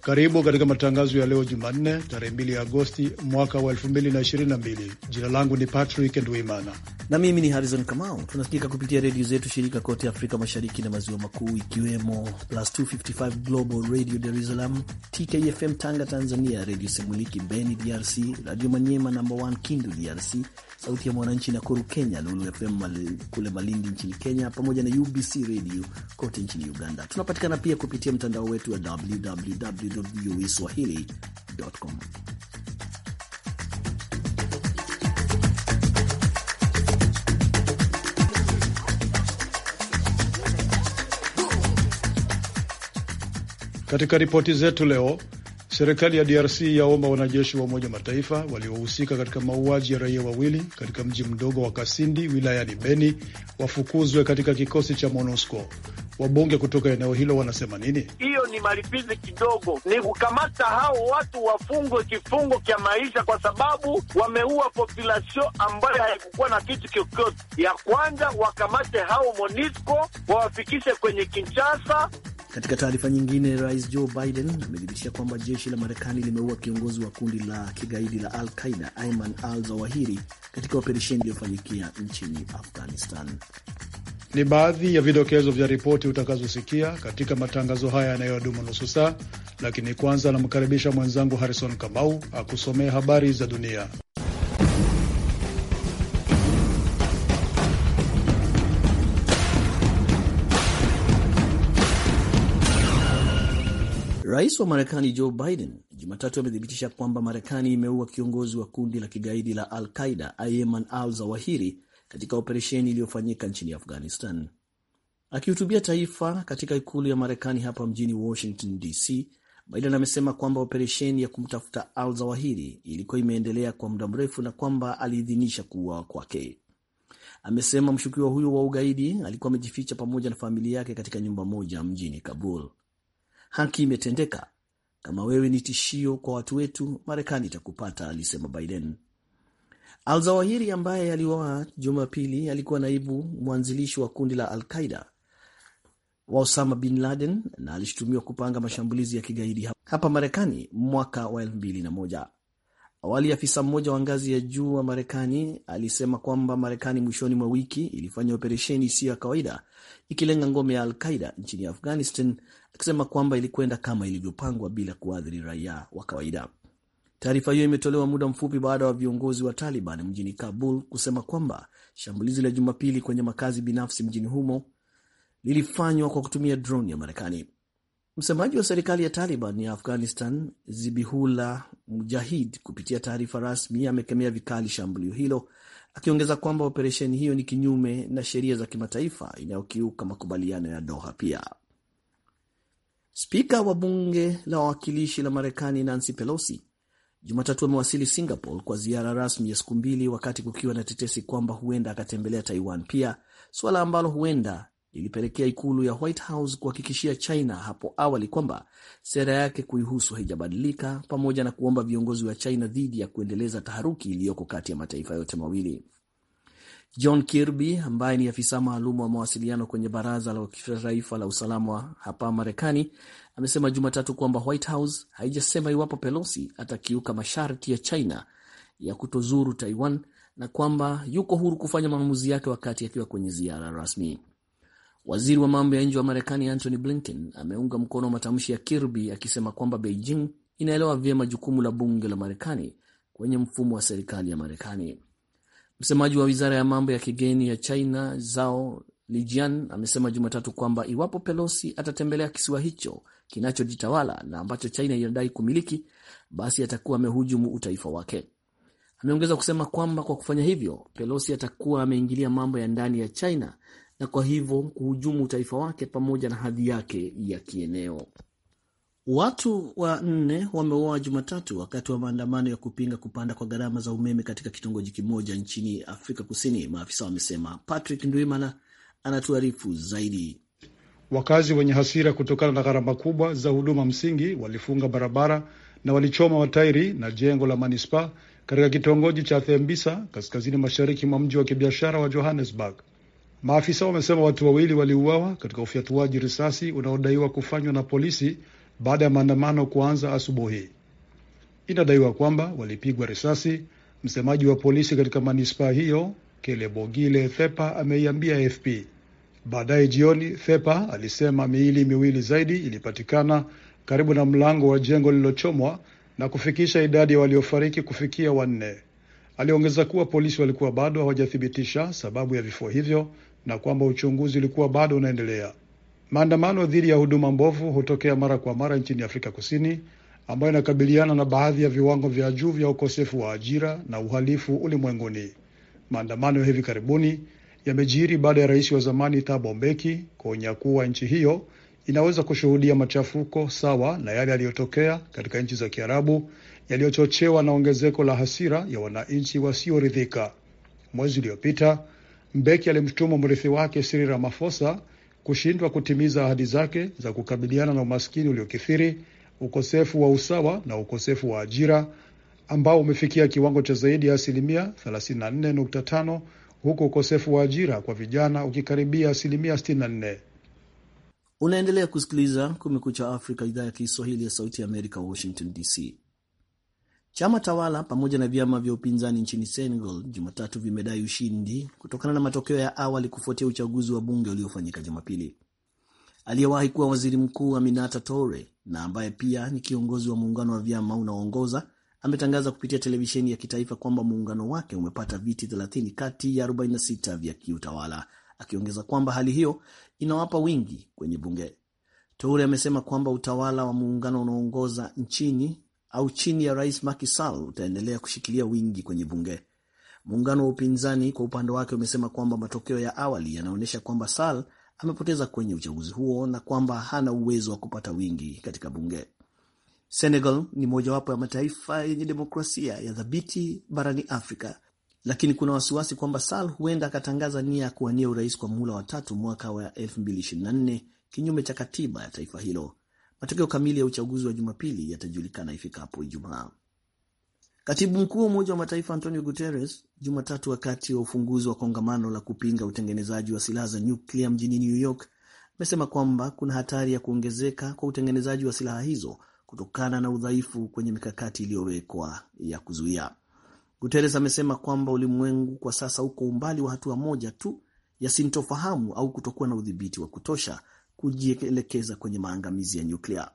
Karibu katika matangazo ya leo Jumanne, tarehe 2 Agosti mwaka wa 2022. Jina langu ni Patrick Ndwimana na mimi ni Harrison Kamau. Tunasikika kupitia redio zetu shirika kote Afrika Mashariki na Maziwa Makuu, ikiwemo Plus 255 Global Radio Dar es Salaam, TKFM Tanga Tanzania, Redio Semuliki Beni DRC, Radio Manyema namba 1 Kindu DRC, Sauti ya Mwananchi Nakuru Kenya, Lulu FM kule Malindi nchini Kenya, pamoja na UBC Radio kote nchini Uganda. Tunapatikana pia kupitia mtandao wetu wa www voa swahili.com. Katika ripoti zetu leo Serikali ya DRC yaomba wanajeshi wa Umoja Mataifa waliohusika katika mauaji ya raia wawili katika mji mdogo wa Kasindi wilayani Beni wafukuzwe katika kikosi cha MONUSCO. Wabunge kutoka eneo hilo wanasema nini? Hiyo ni malipizi kidogo, ni kukamata hao watu wafungwe kifungo kya maisha, kwa sababu wameua populasion ambayo haikukuwa na kitu chochote. Ya kwanza wakamate hao MONUSCO wawafikishe kwenye Kinshasa. Katika taarifa nyingine, rais Joe Biden amethibitisha kwamba jeshi la Marekani limeua kiongozi wa kundi la kigaidi la Al Qaida Aiman al Zawahiri katika operesheni iliyofanyikia nchini Afghanistan. Ni baadhi ya vidokezo vya ripoti utakazosikia katika matangazo haya yanayodumu nusu saa, lakini kwanza anamkaribisha mwenzangu Harrison Kamau akusomee habari za dunia. Rais wa Marekani Joe Biden Jumatatu amethibitisha kwamba Marekani imeua kiongozi wa kundi la kigaidi la Al Qaida Ayman al Zawahiri katika operesheni iliyofanyika nchini Afghanistan. Akihutubia taifa katika ikulu ya Marekani hapa mjini Washington DC, Biden amesema kwamba operesheni ya kumtafuta al Zawahiri ilikuwa imeendelea kwa muda mrefu na kwamba aliidhinisha kuuawa kwake. Amesema mshukiwa huyo wa ugaidi alikuwa amejificha pamoja na familia yake katika nyumba moja mjini Kabul haki imetendeka. Kama wewe ni tishio kwa watu wetu, Marekani itakupata, alisema Biden. Al-Zawahiri ambaye aliuawa Jumapili alikuwa naibu mwanzilishi wa kundi la Al-Qaida wa Osama bin Laden na alishutumiwa kupanga mashambulizi ya kigaidi hapa Marekani mwaka wa moja. Awali afisa mmoja wa ngazi ya juu wa Marekani alisema kwamba Marekani mwishoni mwa wiki ilifanya operesheni isiyo ya kawaida ikilenga ngome ya Al-Qaida nchini Afghanistan akisema kwamba ilikwenda kama ilivyopangwa bila kuathiri raia wa kawaida. Taarifa hiyo imetolewa muda mfupi baada ya viongozi wa Taliban mjini Kabul kusema kwamba shambulizi la Jumapili kwenye makazi binafsi mjini humo lilifanywa kwa kutumia droni ya Marekani. Msemaji wa serikali ya Taliban ya Afghanistan, Zibihula Mujahid, kupitia taarifa rasmi amekemea vikali shambulio hilo, akiongeza kwamba operesheni hiyo ni kinyume na sheria za kimataifa inayokiuka makubaliano ya Doha. Pia Spika wa bunge la wawakilishi la Marekani Nancy Pelosi Jumatatu amewasili Singapore kwa ziara rasmi ya siku mbili, wakati kukiwa na tetesi kwamba huenda akatembelea Taiwan pia, suala ambalo huenda lilipelekea ikulu ya White House kuhakikishia China hapo awali kwamba sera yake kuihusu haijabadilika, pamoja na kuomba viongozi wa China dhidi ya kuendeleza taharuki iliyoko kati ya mataifa yote mawili. John Kirby ambaye ni afisa maalum wa mawasiliano kwenye Baraza la Kitaifa la Usalama hapa Marekani amesema Jumatatu kwamba White House haijasema iwapo Pelosi atakiuka masharti ya China ya kutozuru Taiwan na kwamba yuko huru kufanya maamuzi yake wakati akiwa kwenye ziara rasmi. Waziri wa mambo ya nje wa Marekani Antony Blinken ameunga mkono matamshi ya Kirby akisema kwamba Beijing inaelewa vyema jukumu la bunge la Marekani kwenye mfumo wa serikali ya Marekani. Msemaji wa wizara ya mambo ya kigeni ya China Zhao Lijian amesema Jumatatu kwamba iwapo Pelosi atatembelea kisiwa hicho kinachojitawala na ambacho China inadai kumiliki, basi atakuwa amehujumu utaifa wake. Ameongeza kusema kwamba kwa kufanya hivyo, Pelosi atakuwa ameingilia mambo ya ndani ya China na kwa hivyo kuhujumu utaifa wake pamoja na hadhi yake ya kieneo. Watu wanne wameuawa Jumatatu wakati wa maandamano ya kupinga kupanda kwa gharama za umeme katika kitongoji kimoja nchini Afrika Kusini, maafisa wamesema. Patrick Ndwimana anatuarifu zaidi. Wakazi wenye hasira kutokana na gharama kubwa za huduma msingi walifunga barabara na walichoma matairi na jengo la manispaa katika kitongoji cha Thembisa kaskazini mashariki mwa mji wa kibiashara wa Johannesburg. Maafisa wamesema watu wawili waliuawa katika ufyatuaji risasi unaodaiwa kufanywa na polisi baada ya maandamano kuanza asubuhi. Inadaiwa kwamba walipigwa risasi. Msemaji wa polisi katika manispaa hiyo Kelebogile Thepa ameiambia AFP. Baadaye jioni, Thepa alisema miili miwili zaidi ilipatikana karibu na mlango wa jengo lililochomwa na kufikisha idadi ya waliofariki kufikia wanne. Aliongeza kuwa polisi walikuwa bado hawajathibitisha sababu ya vifo hivyo na kwamba uchunguzi ulikuwa bado unaendelea. Maandamano dhidi ya huduma mbovu hutokea mara kwa mara nchini Afrika Kusini, ambayo inakabiliana na baadhi ya viwango vya juu vya ukosefu wa ajira na uhalifu ulimwenguni. Maandamano ya hivi karibuni yamejiri baada ya rais wa zamani Thabo Mbeki kuonya kuwa nchi hiyo inaweza kushuhudia machafuko sawa na yale yaliyotokea katika nchi za Kiarabu yaliyochochewa na ongezeko la hasira ya wananchi wasioridhika. Mwezi uliopita, Mbeki alimshtuma mrithi wake Cyril Ramaphosa kushindwa kutimiza ahadi zake za kukabiliana na umaskini uliokithiri, ukosefu wa usawa na ukosefu wa ajira ambao umefikia kiwango cha zaidi ya asilimia 34.5 huku ukosefu wa ajira kwa vijana ukikaribia asilimia 64. Unaendelea kusikiliza Kumekucha Afrika, idhaa ya Kiswahili ya Sauti ya Amerika, Washington DC. Chama tawala pamoja na vyama vya upinzani nchini Senegal Jumatatu vimedai ushindi kutokana na matokeo ya awali kufuatia uchaguzi wa bunge uliofanyika Jumapili. Aliyewahi kuwa waziri mkuu Aminata Toure na ambaye pia ni kiongozi wa muungano wa vyama unaoongoza ametangaza kupitia televisheni ya kitaifa kwamba muungano wake umepata viti 30 kati ya 46 vya kiutawala, akiongeza kwamba hali hiyo inawapa wingi kwenye bunge. Toure amesema kwamba utawala wa muungano unaoongoza nchini au chini ya Rais Macky Sall utaendelea kushikilia wingi kwenye bunge. Muungano wa upinzani kwa upande wake umesema kwamba matokeo ya awali yanaonyesha kwamba Sall amepoteza kwenye uchaguzi huo na kwamba hana uwezo wa kupata wingi katika bunge. Senegal ni mojawapo ya mataifa yenye demokrasia ya dhabiti barani Afrika, lakini kuna wasiwasi kwamba Sall huenda akatangaza nia ya kuwania urais kwa muhula wa tatu mwaka wa 2024 kinyume cha katiba ya taifa hilo. Matokeo kamili ya uchaguzi wa Jumapili yatajulikana ifikapo Ijumaa. Katibu mkuu wa Umoja wa Mataifa Antonio Guterres Jumatatu, wakati wa ufunguzi wa kongamano la kupinga utengenezaji wa silaha za nyuklia mjini New York, amesema kwamba kuna hatari ya kuongezeka kwa utengenezaji wa silaha hizo kutokana na udhaifu kwenye mikakati iliyowekwa ya kuzuia. Guterres amesema kwamba ulimwengu kwa sasa uko umbali wa hatua moja tu ya sintofahamu au kutokuwa na udhibiti wa kutosha kujielekeza kwenye maangamizi ya nyuklia.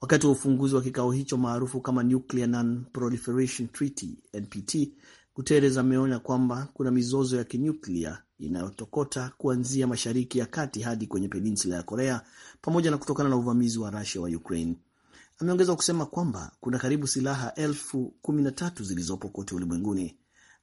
Wakati wa ufunguzi wa kikao hicho maarufu kama Nuclear Non-Proliferation Treaty NPT, Guterres ameonya kwamba kuna mizozo ya kinyuklia inayotokota kuanzia Mashariki ya Kati hadi kwenye peninsula ya Korea, pamoja na kutokana na uvamizi wa Rusia wa Ukraine. Ameongeza kusema kwamba kuna karibu silaha elfu kumi na tatu zilizopo kote ulimwenguni.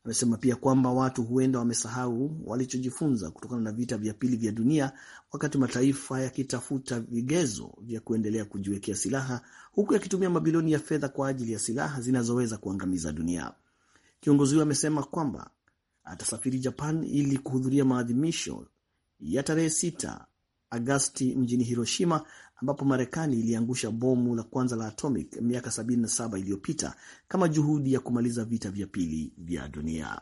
Amesema pia kwamba watu huenda wamesahau walichojifunza kutokana na vita vya pili vya dunia, wakati mataifa yakitafuta vigezo vya kuendelea kujiwekea silaha, huku yakitumia mabilioni ya fedha kwa ajili ya silaha zinazoweza kuangamiza dunia. Kiongozi huyo amesema kwamba atasafiri Japan ili kuhudhuria maadhimisho ya tarehe sita Agasti mjini Hiroshima ambapo Marekani iliangusha bomu la kwanza la atomic miaka 77 iliyopita kama juhudi ya kumaliza vita vya pili vya dunia.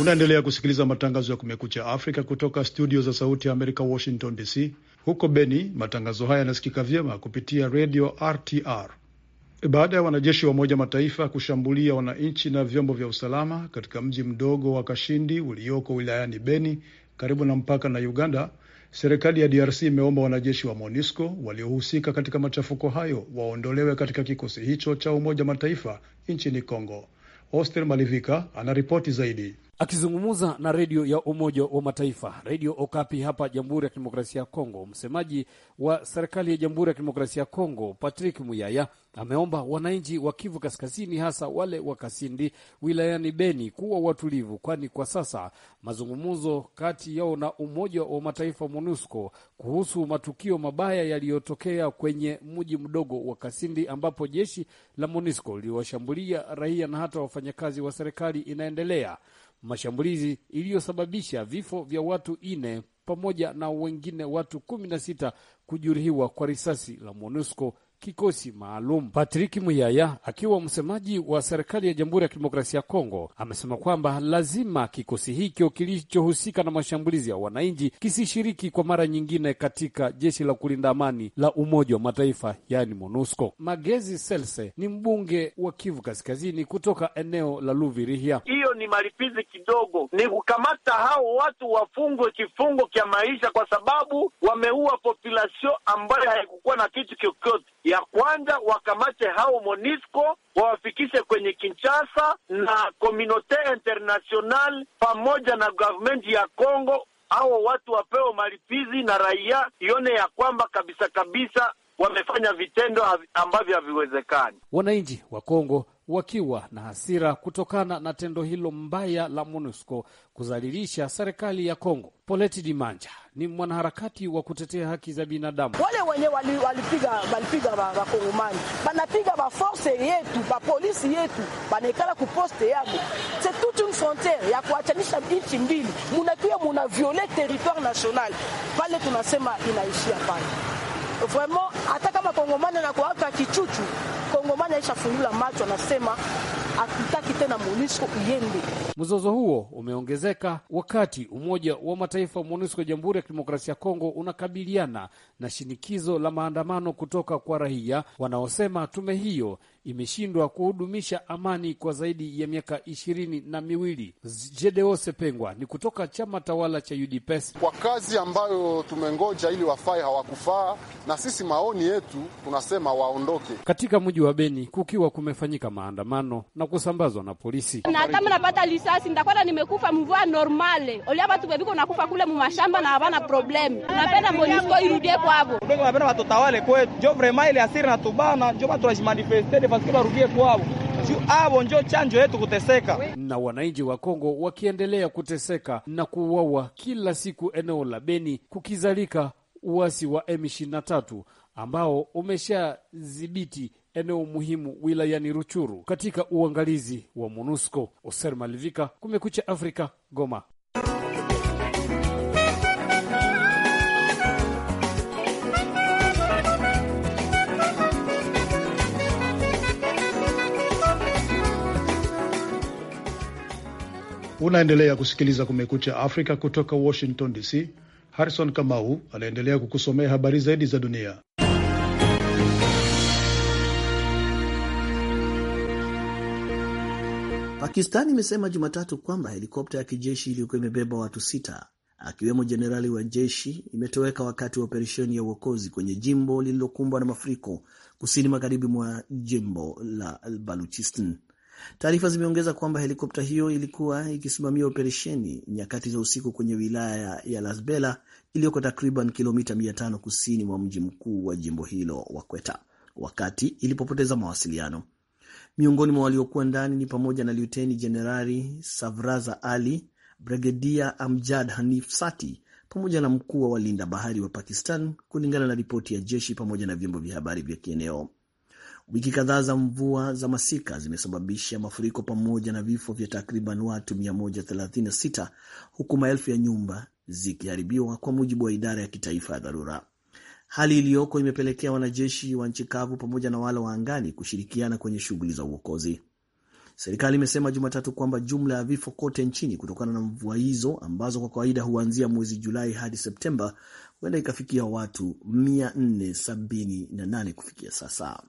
Unaendelea kusikiliza matangazo ya Kumekucha Afrika kutoka studio za Sauti ya Amerika, Washington DC. Huko Beni, matangazo haya yanasikika vyema kupitia redio RTR. Baada ya wanajeshi wa Umoja Mataifa kushambulia wananchi na vyombo vya usalama katika mji mdogo wa Kashindi ulioko wilayani Beni karibu na mpaka na Uganda, serikali ya DRC imeomba wanajeshi wa MONUSCO waliohusika katika machafuko hayo waondolewe katika kikosi hicho cha Umoja Mataifa nchini congo Oster Malivika anaripoti zaidi. Akizungumza na redio ya Umoja wa Mataifa redio Okapi hapa Jamhuri ya Kidemokrasia ya Kongo, msemaji wa serikali ya Jamhuri ya Kidemokrasia ya Kongo Patrick Muyaya ameomba wananchi wa Kivu Kaskazini, hasa wale wa Kasindi wilayani Beni, kuwa watulivu, kwani kwa sasa mazungumzo kati yao na Umoja wa Mataifa MONUSCO kuhusu matukio mabaya yaliyotokea kwenye mji mdogo wa Kasindi ambapo jeshi la MONUSCO liliwashambulia raia na hata wafanyakazi wa serikali inaendelea mashambulizi iliyosababisha vifo vya watu ine pamoja na wengine watu kumi na sita kujeruhiwa kwa risasi la MONUSCO kikosi maalum. Patrick Muyaya akiwa msemaji wa serikali ya Jamhuri ya Kidemokrasia ya Kongo amesema kwamba lazima kikosi hicho kilichohusika na mashambulizi ya wananchi kisishiriki kwa mara nyingine katika jeshi la kulinda amani la Umoja wa Mataifa, yaani MONUSCO. Magezi Selse ni mbunge wa Kivu Kaskazini kutoka eneo la Luvirihia. Hiyo ni malipizi kidogo, ni kukamata hao watu wafungwe kifungo kya maisha, kwa sababu wameua population ambayo haikukuwa na kitu chochote ya kwanza wakamate hao Monisco wawafikishe kwenye Kinshasa, na Communaute International pamoja na government ya Congo, hao watu wapewe malipizi na raia ione ya kwamba kabisa kabisa wamefanya vitendo ambavyo haviwezekani. Wananchi wa Kongo wakiwa na hasira kutokana na tendo hilo mbaya la MONUSCO kuzalilisha serikali ya Kongo. Poleti Dimanja ni mwanaharakati wa kutetea haki za binadamu. Wale wenye walipiga walipiga wakongomani banapiga baforse yetu bapolisi yetu banaikala kuposte yabo se toute une frontiere ya kuachanisha nchi mbili, munakiwa muna viole territoire national pale, tunasema inaishia pale vraiment, hata kama kongomani na kuaka kichuchu, kongomani aishafungula macho, anasema akutaki na MONUSCO iende. Mzozo huo umeongezeka wakati Umoja wa Mataifa MONUSCO Jamhuri ya Kidemokrasia ya Kongo unakabiliana na shinikizo la maandamano kutoka kwa raia wanaosema tume hiyo imeshindwa kuhudumisha amani kwa zaidi ya miaka ishirini na miwili. Jedeo Sepengwa ni kutoka chama tawala cha UDPS. Kwa kazi ambayo tumengoja ili wafai hawakufaa, na sisi maoni yetu tunasema waondoke. Katika mji wa Beni kukiwa kumefanyika maandamano na kusambazwa na polisi. Na kama napata lisasi nitakwenda nimekufa mvua normale. Olia watu bebiko nakufa kule mumashamba na habana problem. Napenda Monisco irudie kwao. Ndio napenda watu tawale kwetu. Jo vraiment ile asiri na tubana, jo watu wajimanifeste de paske barudie kwao. Ju abo njo chanjo yetu kuteseka. Na wananchi wa Kongo wakiendelea kuteseka na kuuawa kila siku eneo la Beni kukizalika uasi wa M23 ambao umeshadhibiti eneo muhimu wilayani Ruchuru katika uangalizi wa MONUSCO. Oser Malivika, Kumekucha Afrika, Goma. Unaendelea kusikiliza Kumekucha Afrika kutoka Washington DC. Harrison Kamau anaendelea kukusomea habari zaidi za dunia. Pakistani imesema Jumatatu kwamba helikopta ya kijeshi iliyokuwa imebeba watu sita akiwemo jenerali wa jeshi imetoweka wakati wa operesheni ya uokozi kwenye jimbo lililokumbwa na mafuriko kusini magharibi mwa jimbo la Baluchistan. Taarifa zimeongeza kwamba helikopta hiyo ilikuwa ikisimamia operesheni nyakati za usiku kwenye wilaya ya Lasbela iliyoko takriban kilomita 500 kusini mwa mji mkuu wa jimbo hilo wa Kweta, wakati ilipopoteza mawasiliano. Miongoni mwa waliokuwa ndani ni pamoja na Luteni Jenerali Savraza Ali, Brigedia Amjad Hanif Sati pamoja na mkuu wa walinda bahari wa Pakistan, kulingana na ripoti ya jeshi pamoja na vyombo vya habari vya kieneo. Wiki kadhaa za mvua za masika zimesababisha mafuriko pamoja na vifo vya takriban watu 136 huku maelfu ya nyumba zikiharibiwa, kwa mujibu wa idara ya kitaifa ya dharura hali iliyoko imepelekea wanajeshi wa nchi kavu pamoja na wale wa angani kushirikiana kwenye shughuli za uokozi. Serikali imesema Jumatatu kwamba jumla ya vifo kote nchini kutokana na mvua hizo ambazo kwa kawaida huanzia mwezi Julai hadi Septemba huenda ikafikia watu 478 kufikia sasa.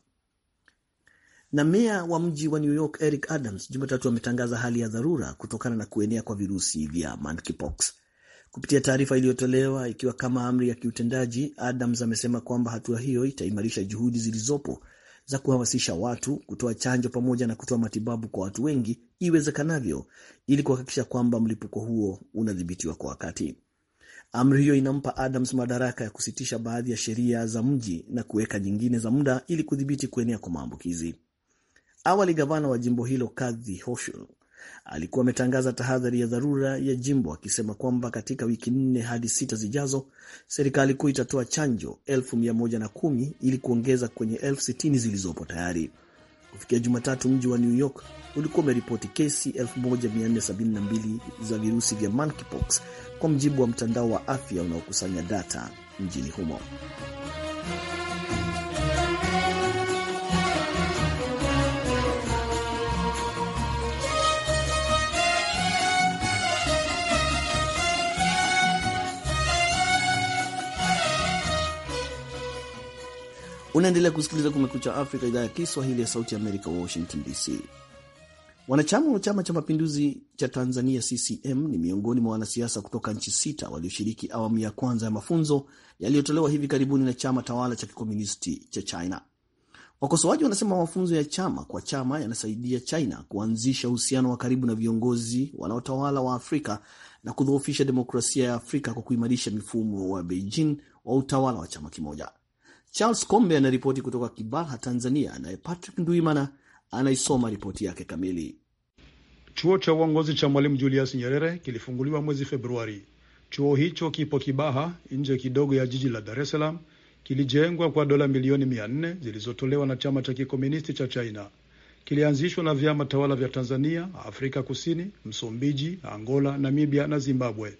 Na meya wa mji wa New York Eric Adams Jumatatu ametangaza hali ya dharura kutokana na kuenea kwa virusi vya monkeypox. Kupitia taarifa iliyotolewa ikiwa kama amri ya kiutendaji, Adams amesema kwamba hatua hiyo itaimarisha juhudi zilizopo za kuhamasisha watu kutoa chanjo pamoja na kutoa matibabu kwa watu wengi iwezekanavyo, ili kuhakikisha kwamba mlipuko huo unadhibitiwa kwa wakati. Amri hiyo inampa Adams madaraka ya kusitisha baadhi ya sheria za mji na kuweka nyingine za muda ili kudhibiti kuenea kwa maambukizi. Awali gavana wa jimbo hilo Kathy Hochul Alikuwa ametangaza tahadhari ya dharura ya jimbo akisema kwamba katika wiki nne hadi sita zijazo, serikali kuu itatoa chanjo elfu mia moja na kumi ili kuongeza kwenye elfu sitini zilizopo tayari. Kufikia Jumatatu, mji wa New York ulikuwa umeripoti kesi 1472 za virusi vya monkeypox kwa mjibu wa mtandao wa afya unaokusanya data mjini humo. Unaendelea kusikiliza Kumekucha Afrika, idhaa ya Kiswahili ya Sauti ya Amerika, Washington DC. Wanachama wa Chama cha Mapinduzi cha Tanzania, CCM, ni miongoni mwa wanasiasa kutoka nchi sita walioshiriki awamu ya kwanza ya mafunzo yaliyotolewa hivi karibuni na chama tawala cha kikomunisti cha China. Wakosoaji wanasema mafunzo ya chama kwa chama yanasaidia China kuanzisha uhusiano wa karibu na viongozi wanaotawala wa Afrika na kudhoofisha demokrasia ya Afrika kwa kuimarisha mifumo wa Beijing wa utawala wa chama kimoja. Charles Kombe anaripoti kutoka Kibaha, Tanzania, naye Patrick Nduimana anaisoma ripoti yake kamili. Chuo cha uongozi cha Mwalimu Julius Nyerere kilifunguliwa mwezi Februari. Chuo hicho kipo Kibaha, nje kidogo ya jiji la Dar es Salaam. Kilijengwa kwa dola milioni mia nne zilizotolewa na chama cha kikomunisti cha China. Kilianzishwa na vyama tawala vya Tanzania, Afrika Kusini, Msumbiji, Angola, Namibia na Zimbabwe.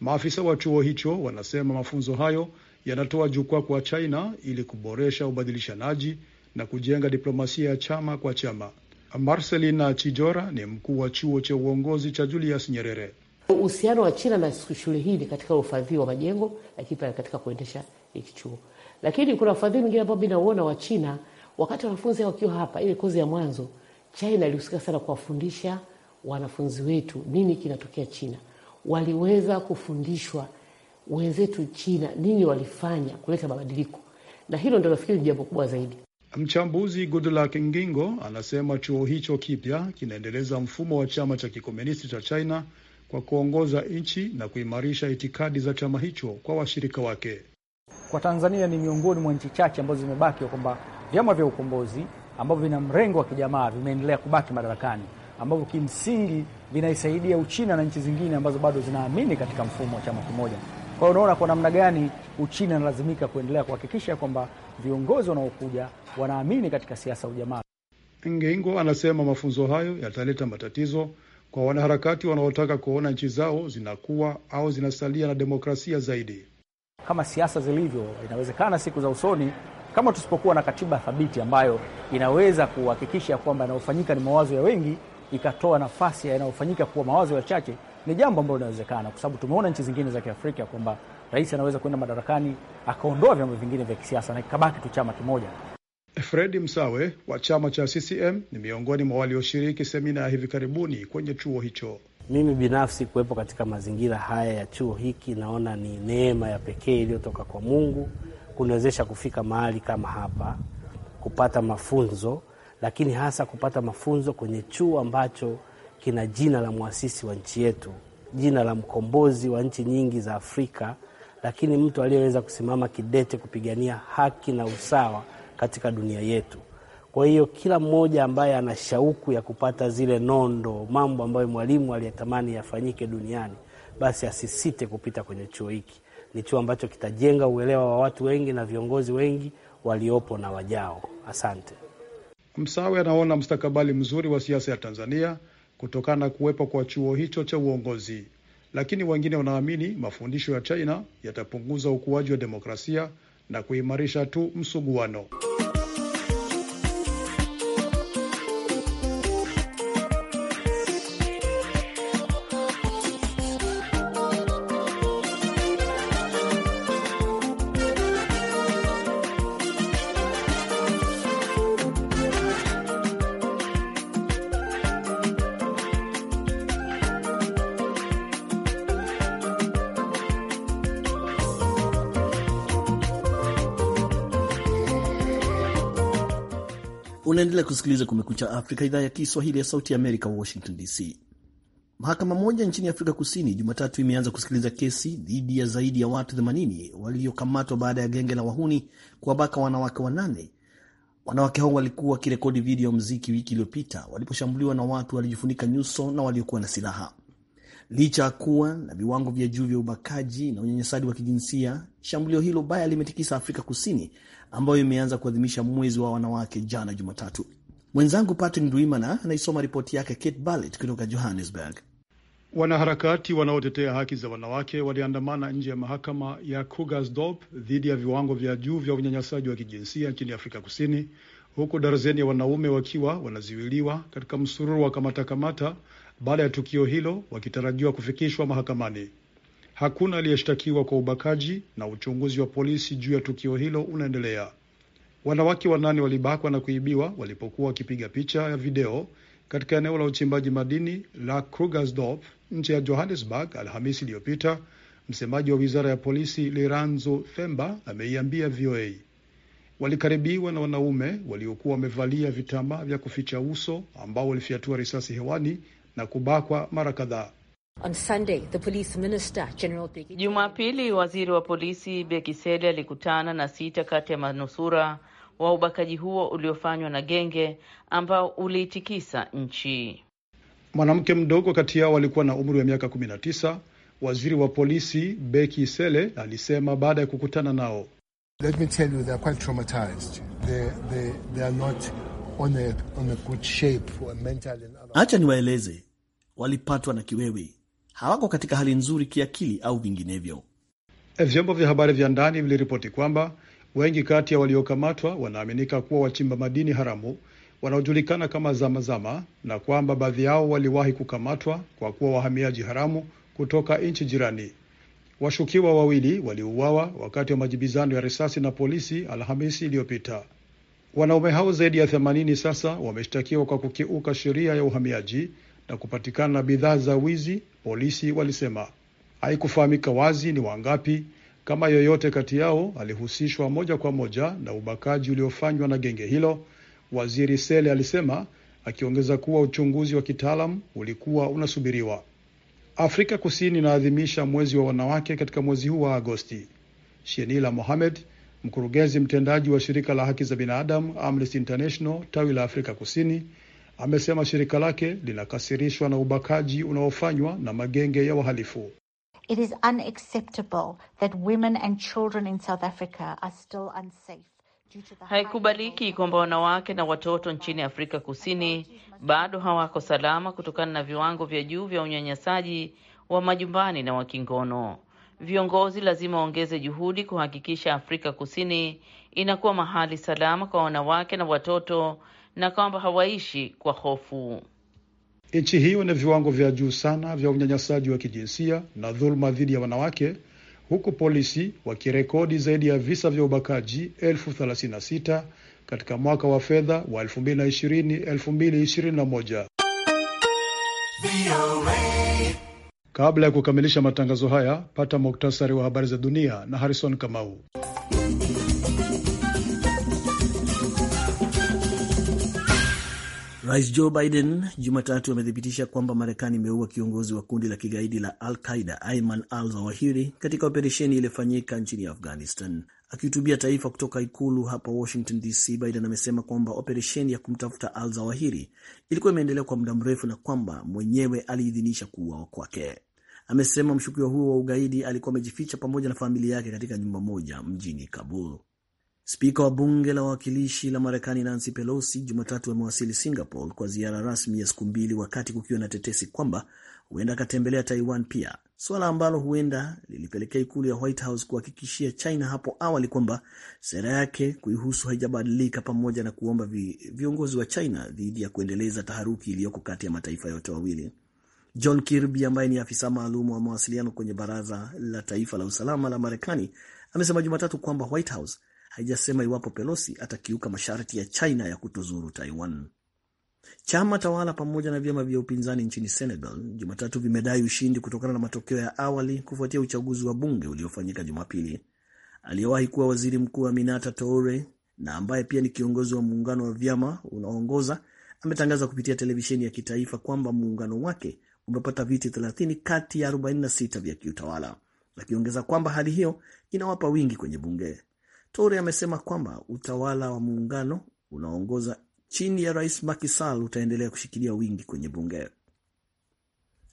Maafisa wa chuo hicho wanasema mafunzo hayo yanatoa jukwaa kwa China ili kuboresha ubadilishanaji na kujenga diplomasia ya chama kwa chama. Marcelina Chijora ni mkuu wa chuo cha uongozi cha Julius Nyerere. Uhusiano wa China na shule hii ni katika ufadhili wa majengo, lakini pia katika kuendesha hiki chuo. Lakini kuna ufadhili mwingine ambao binauona wa China, wakati wanafunzi wakiwa hapa, ile kozi ya mwanzo, China ilihusika sana kuwafundisha wanafunzi wetu nini kinatokea China. Waliweza kufundishwa wenzetu China nini walifanya kuleta mabadiliko, na hilo ndo nafikiri ni jambo kubwa zaidi. Mchambuzi Goodluck Ngingo anasema chuo hicho kipya kinaendeleza mfumo wa chama cha kikomunisti cha China kwa kuongoza nchi na kuimarisha itikadi za chama hicho kwa washirika wake. Kwa Tanzania ni miongoni mwa nchi chache ambazo zimebakiwa kwamba vyama vya ukombozi ambavyo vina mrengo wa kijamaa vimeendelea kubaki madarakani, ambavyo kimsingi vinaisaidia Uchina na nchi zingine ambazo bado zinaamini katika mfumo wa chama kimoja. Kwa hiyo unaona kwa namna gani Uchina analazimika kuendelea kuhakikisha kwamba viongozi wanaokuja wanaamini katika siasa ujamaa. ngeingo anasema mafunzo hayo yataleta matatizo kwa wanaharakati wanaotaka kuona nchi zao zinakuwa au zinasalia na demokrasia zaidi. Kama siasa zilivyo, inawezekana siku za usoni, kama tusipokuwa na katiba thabiti ambayo inaweza kuhakikisha kwamba yanayofanyika ni mawazo ya wengi, ikatoa nafasi ya yanayofanyika kuwa mawazo ya chache ni jambo ambalo linawezekana, kwa sababu tumeona nchi zingine za Kiafrika kwamba rais anaweza kwenda madarakani akaondoa vyama vingine vya kisiasa na ikabaki tu chama kimoja. Fredi Msawe wa chama cha CCM ni miongoni mwa walioshiriki semina ya hivi karibuni kwenye chuo hicho. Mimi binafsi kuwepo katika mazingira haya ya chuo hiki naona ni neema ya pekee iliyotoka kwa Mungu kuniwezesha kufika mahali kama hapa kupata mafunzo, lakini hasa kupata mafunzo kwenye chuo ambacho kina jina la mwasisi wa nchi yetu, jina la mkombozi wa nchi nyingi za Afrika, lakini mtu aliyeweza kusimama kidete kupigania haki na usawa katika dunia yetu. Kwa hiyo kila mmoja ambaye ana shauku ya kupata zile nondo, mambo ambayo Mwalimu aliyetamani yafanyike duniani, basi asisite kupita kwenye chuo hiki. Ni chuo ambacho kitajenga uelewa wa watu wengi na viongozi wengi waliopo na wajao. Asante. Msawe anaona mstakabali mzuri wa siasa ya Tanzania kutokana na kuwepo kwa chuo hicho cha uongozi, lakini wengine wanaamini mafundisho ya China yatapunguza ukuaji wa demokrasia na kuimarisha tu msuguano. Unaendelea kusikiliza Kumekucha Afrika, idhaa ya Kiswahili ya Sauti ya Amerika, Washington DC. Mahakama moja nchini Afrika Kusini Jumatatu imeanza kusikiliza kesi dhidi ya zaidi ya watu 80 waliokamatwa baada ya genge la wahuni kuwabaka wanawake wanane. Wanawake hao walikuwa wakirekodi video ya mziki wiki iliyopita waliposhambuliwa na watu waliojifunika nyuso na waliokuwa na silaha. Licha ya kuwa na viwango vya juu vya ubakaji na unyanyasaji wa kijinsia, shambulio hilo baya limetikisa Afrika Kusini ambayo imeanza kuadhimisha mwezi wa wanawake jana Jumatatu. Mwenzangu Patrick Ndwimana anaisoma ripoti yake Kate balet kutoka Johannesburg. Wanaharakati wanaotetea haki za wanawake waliandamana nje ya mahakama ya Krugersdorp dhidi ya viwango vya juu vya unyanyasaji wa kijinsia nchini Afrika Kusini, huku darzeni ya wanaume wakiwa wanaziwiliwa katika msururu wa kamatakamata baada ya tukio hilo, wakitarajiwa kufikishwa mahakamani. Hakuna aliyeshtakiwa kwa ubakaji na uchunguzi wa polisi juu ya tukio hilo unaendelea. Wanawake wanane walibakwa na kuibiwa walipokuwa wakipiga picha ya video katika eneo la uchimbaji madini la Krugersdorp nje ya Johannesburg Alhamisi iliyopita. Msemaji wa wizara ya polisi liranzo Themba ameiambia VOA walikaribiwa na wanaume waliokuwa wamevalia vitambaa vya kuficha uso ambao walifyatua risasi hewani na kubakwa mara kadhaa. E. Jumapili, waziri wa polisi Bekisele alikutana na sita kati ya manusura wa ubakaji huo uliofanywa na genge ambao uliitikisa nchi. Mwanamke mdogo kati yao alikuwa na umri wa miaka 19. Waziri wa polisi Beki Sele alisema baada ya kukutana nao, Let me tell you, they are quite traumatized. They, they, they are not on a, on a good shape, mentally... Acha niwaeleze, walipatwa na kiwewe hawako katika hali nzuri kiakili au vinginevyo. Eh, vyombo vya habari vya ndani viliripoti kwamba wengi kati ya waliokamatwa wanaaminika kuwa wachimba madini haramu wanaojulikana kama zamazama zama, na kwamba baadhi yao waliwahi kukamatwa kwa kuwa wahamiaji haramu kutoka nchi jirani. Washukiwa wawili waliuawa wakati wa majibizano ya risasi na polisi Alhamisi iliyopita. Wanaume hao zaidi ya 80 sasa wameshtakiwa kwa kukiuka sheria ya uhamiaji na kupatikana bidhaa za wizi, polisi walisema. Haikufahamika wazi ni wangapi, kama yoyote kati yao alihusishwa moja kwa moja na ubakaji uliofanywa na genge hilo, waziri Sele alisema, akiongeza kuwa uchunguzi wa kitaalam ulikuwa unasubiriwa. Afrika Kusini inaadhimisha mwezi wa wanawake katika mwezi huu wa Agosti. Shenila Mohamed, mkurugenzi mtendaji wa shirika la haki za binadamu Amnesty International tawi la Afrika Kusini, amesema shirika lake linakasirishwa na ubakaji unaofanywa na magenge ya wahalifu. It is unacceptable that women and children in South Africa are still unsafe. Haikubaliki kwamba wanawake na watoto nchini Afrika Kusini bado hawako salama kutokana na viwango vya juu vya unyanyasaji wa majumbani na wa kingono. Viongozi lazima waongeze juhudi kuhakikisha Afrika Kusini inakuwa mahali salama kwa wanawake na watoto na kwamba hawaishi kwa hofu. Nchi hiyo ina viwango vya juu sana vya unyanyasaji wa kijinsia na dhuluma dhidi ya wanawake, huku polisi wakirekodi zaidi ya visa vya ubakaji elfu thelathini na sita katika mwaka wa fedha wa 2020-2021. Kabla ya kukamilisha matangazo haya, pata muktasari wa habari za dunia na Harrison Kamau. Rais Joe Biden Jumatatu amethibitisha kwamba Marekani imeua kiongozi wa kundi la kigaidi la Al Qaida Ayman al Zawahiri katika operesheni iliyofanyika nchini Afghanistan. Akihutubia taifa kutoka ikulu hapa Washington DC, Biden amesema kwamba operesheni ya kumtafuta al Zawahiri ilikuwa imeendelea kwa muda mrefu na kwamba mwenyewe aliidhinisha kuuawa kwake. Amesema mshukiwa huo wa ugaidi alikuwa amejificha pamoja na familia yake katika nyumba moja mjini Kabul. Spika wa bunge la wawakilishi la Marekani Nancy Pelosi Jumatatu amewasili Singapore kwa ziara rasmi ya siku mbili, wakati kukiwa na tetesi kwamba huenda akatembelea Taiwan pia, suala ambalo huenda lilipelekea ikulu ya White House kuhakikishia China hapo awali kwamba sera yake kuihusu haijabadilika, pamoja na kuomba vi, viongozi wa China dhidi ya kuendeleza taharuki iliyoko kati ya mataifa yote wawili. John Kirby ambaye ni afisa maalum wa mawasiliano kwenye baraza la taifa la usalama la Marekani amesema Jumatatu kwamba White House haijasema iwapo Pelosi atakiuka masharti ya China ya kutozuru Taiwan. Chama tawala pamoja na vyama vya upinzani nchini Senegal Jumatatu vimedai ushindi kutokana na matokeo ya awali kufuatia uchaguzi wa bunge uliofanyika Jumapili. Aliyewahi kuwa waziri mkuu Aminata Toure na ambaye pia ni kiongozi wa muungano wa vyama unaoongoza ametangaza kupitia televisheni ya kitaifa kwamba muungano wake umepata viti 30 kati ya 46 vya kiutawala, akiongeza kwamba hali hiyo inawapa wingi kwenye bunge. Tore amesema kwamba utawala wa muungano unaoongoza chini ya Rais Macky Sall utaendelea kushikilia wingi kwenye bunge.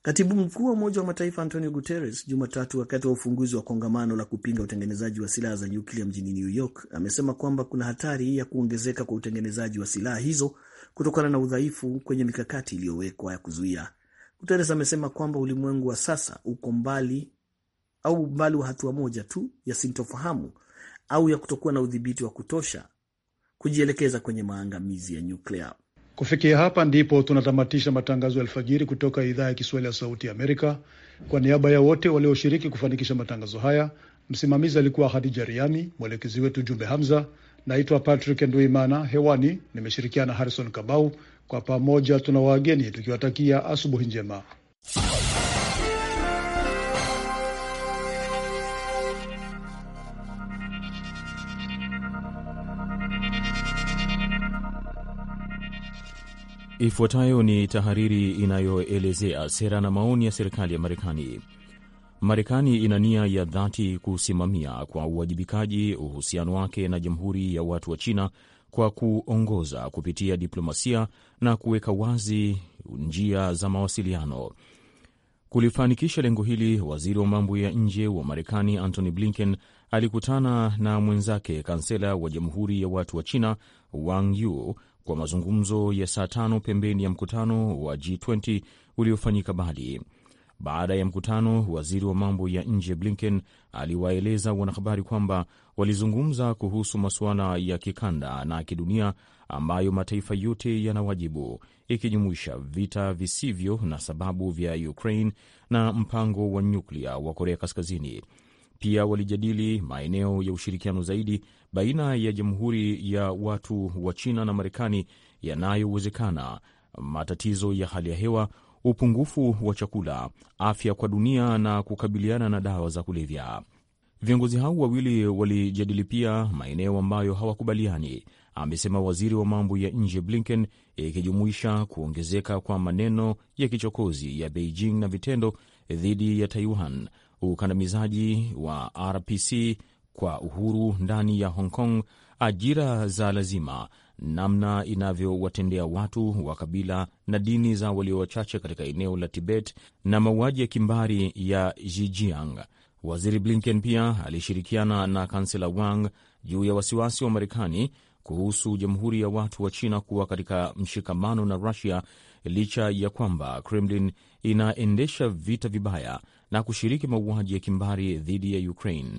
Katibu mkuu wa Umoja wa Mataifa Antonio Guterres Jumatatu, wakati wa ufunguzi wa kongamano la kupinga utengenezaji wa silaha za nyuklia mjini New York, amesema kwamba kuna hatari ya kuongezeka kwa utengenezaji wa silaha hizo kutokana na udhaifu kwenye mikakati iliyowekwa ya kuzuia. Guterres amesema kwamba ulimwengu wa sasa uko mbali au mbali wa hatua moja tu ya sintofahamu au ya kutokuwa na udhibiti wa kutosha kujielekeza kwenye maangamizi ya nyuklia. Kufikia hapa ndipo tunatamatisha matangazo ya alfajiri kutoka idhaa ya Kiswahili ya Sauti ya Amerika. Kwa niaba ya wote walioshiriki kufanikisha matangazo haya, msimamizi alikuwa Hadija Riami, mwelekezi wetu Jumbe Hamza. Naitwa Patrick Nduimana, hewani nimeshirikiana Harrison Kabau. Kwa pamoja tuna wageni tukiwatakia asubuhi njema. Ifuatayo ni tahariri inayoelezea sera na maoni ya serikali ya Marekani. Marekani ina nia ya dhati kusimamia kwa uwajibikaji uhusiano wake na Jamhuri ya Watu wa China kwa kuongoza kupitia diplomasia na kuweka wazi njia za mawasiliano. Kulifanikisha lengo hili, waziri wa mambo ya nje wa Marekani Antony Blinken alikutana na mwenzake kansela wa Jamhuri ya Watu wa China Wang Yu kwa mazungumzo ya saa tano pembeni ya mkutano wa G20 uliofanyika Bali. Baada ya mkutano, waziri wa mambo ya nje Blinken aliwaeleza wanahabari kwamba walizungumza kuhusu masuala ya kikanda na kidunia ambayo mataifa yote yanawajibu, ikijumuisha vita visivyo na sababu vya Ukraine na mpango wa nyuklia wa Korea Kaskazini pia walijadili maeneo ya ushirikiano zaidi baina ya Jamhuri ya Watu wa China na Marekani yanayowezekana, matatizo ya hali ya hewa, upungufu wa chakula, afya kwa dunia na kukabiliana na dawa za kulevya. Viongozi hao wawili walijadili pia maeneo ambayo hawakubaliani, amesema waziri wa mambo ya nje Blinken, ikijumuisha kuongezeka kwa maneno ya kichokozi ya Beijing na vitendo dhidi ya Taiwan ukandamizaji wa RPC kwa uhuru ndani ya Hong Kong, ajira za lazima, namna inavyowatendea watu wa kabila na dini za walio wachache katika eneo la Tibet na mauaji ya kimbari ya Jijiang. Waziri Blinken pia alishirikiana na kansela Wang juu ya wasiwasi wa Marekani kuhusu Jamhuri ya Watu wa China kuwa katika mshikamano na Rusia licha ya kwamba Kremlin inaendesha vita vibaya na kushiriki mauaji ya kimbari dhidi ya Ukraine.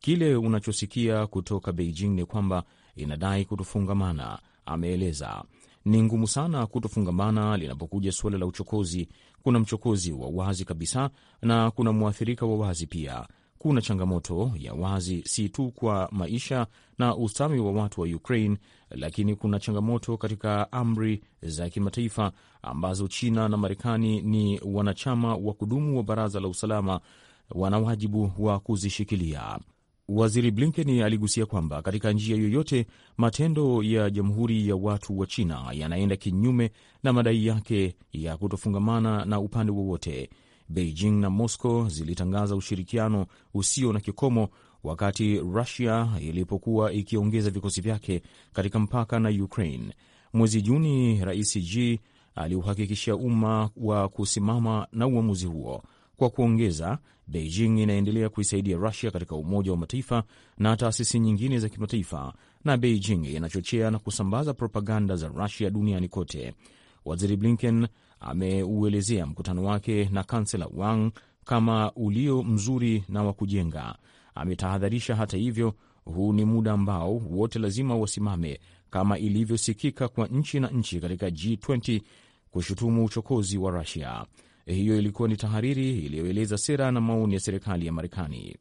Kile unachosikia kutoka Beijing ni kwamba inadai kutofungamana, ameeleza. Ni ngumu sana kutofungamana linapokuja suala la uchokozi. Kuna mchokozi wa wazi kabisa na kuna mwathirika wa wazi pia kuna changamoto ya wazi si tu kwa maisha na ustawi wa watu wa Ukraine, lakini kuna changamoto katika amri za kimataifa ambazo China na Marekani ni wanachama wa kudumu wa Baraza la Usalama, wana wajibu wa kuzishikilia. Waziri Blinken aligusia kwamba katika njia yoyote matendo ya Jamhuri ya Watu wa China yanaenda kinyume na madai yake ya kutofungamana na upande wowote. Beijing na Moscow zilitangaza ushirikiano usio na kikomo wakati Rusia ilipokuwa ikiongeza vikosi vyake katika mpaka na Ukraine. Mwezi Juni, Rais G aliuhakikishia umma wa kusimama na uamuzi huo. Kwa kuongeza, Beijing inaendelea kuisaidia Rusia katika Umoja wa Mataifa na taasisi nyingine za kimataifa, na Beijing inachochea na kusambaza propaganda za Rusia duniani kote. Waziri Blinken ameuelezea mkutano wake na kansela Wang kama ulio mzuri na wa kujenga. Ametahadharisha hata hivyo, huu ni muda ambao wote lazima wasimame, kama ilivyosikika kwa nchi na nchi katika G20 kushutumu uchokozi wa Rusia. Hiyo ilikuwa ni tahariri iliyoeleza sera na maoni ya serikali ya Marekani.